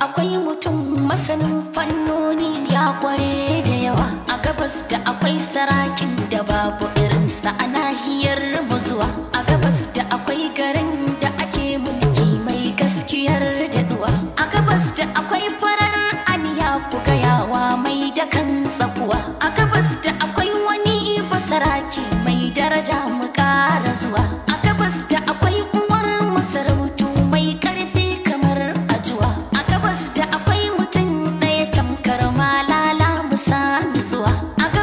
akwai mutum masanin fannoni ya kware da yawa a gabas da akwai sara sua. Agora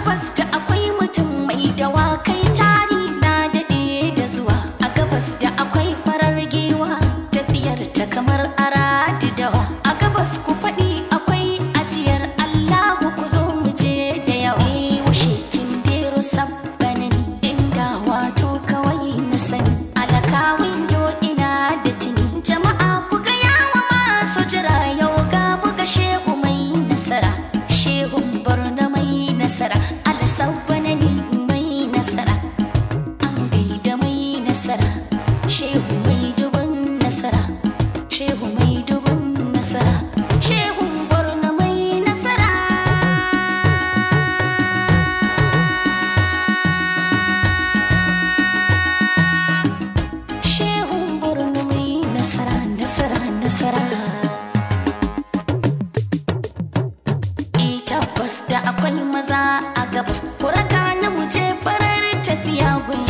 akwai maza a gabas ku raka na muje farar tafiya gun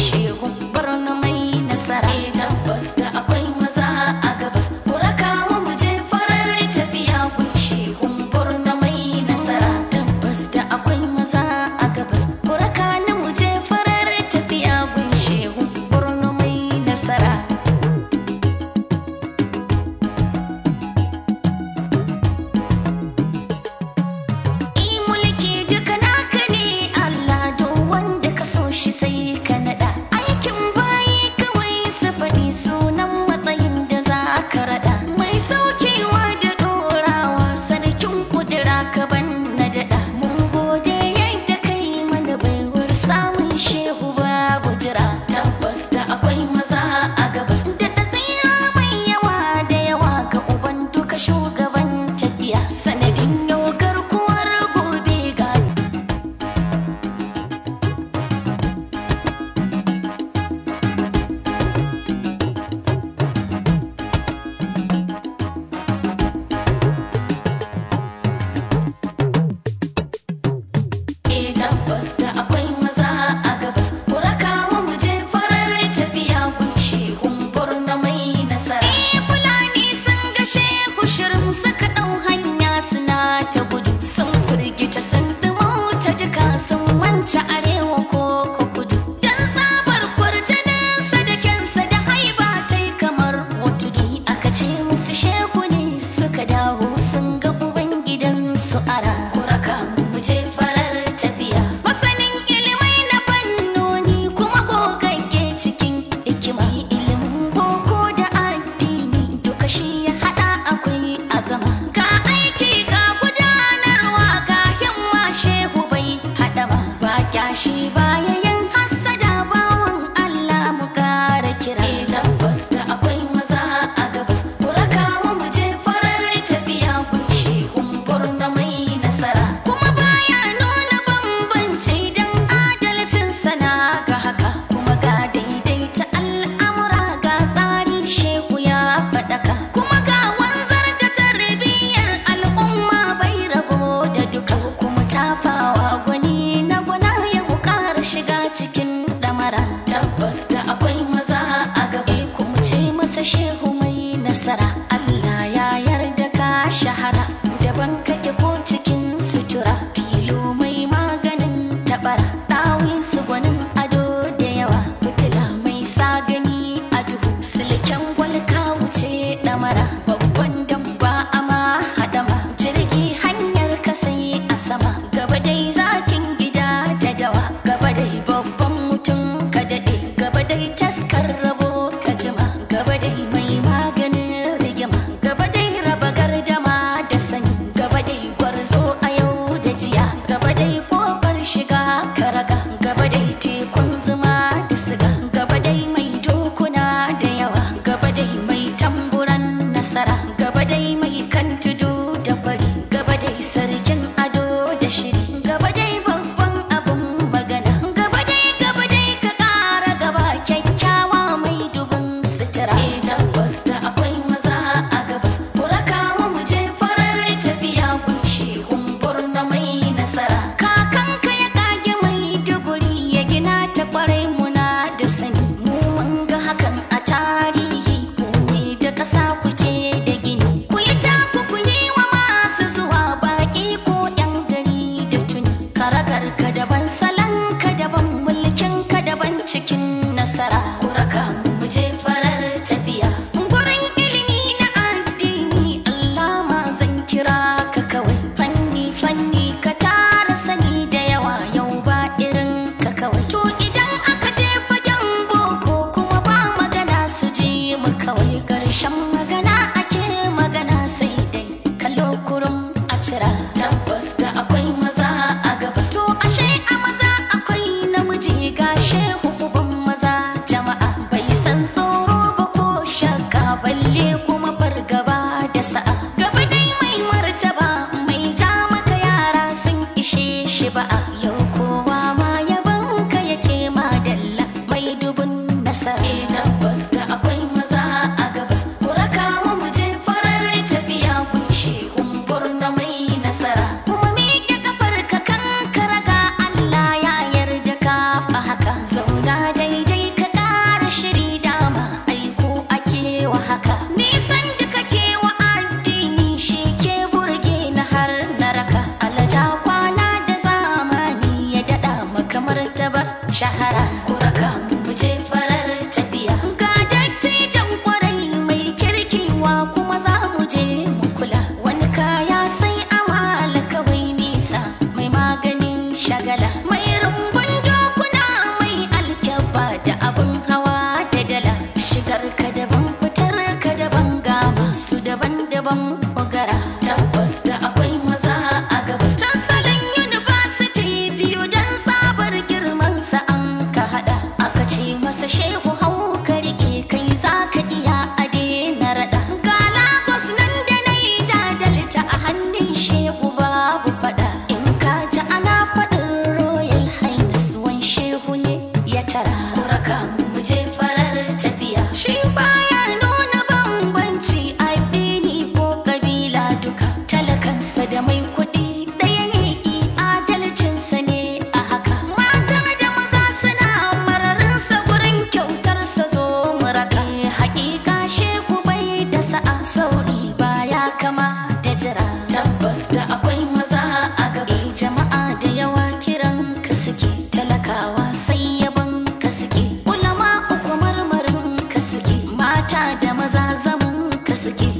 su sheku nasara Allah ya yarda ka shahara daban kake ko cikin sutura ver como Shahara mata da maza zamu ka suke